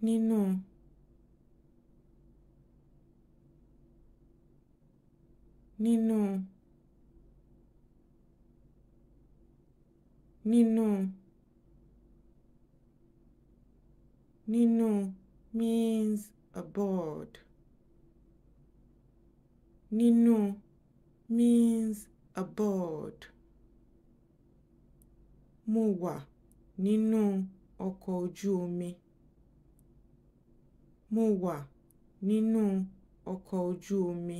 nínú nínú nínú nínú means aboard nínú means aboard mo wà nínú ọkọ̀ ojú omi. Mo wà nínú ọkọ̀ ojú-omi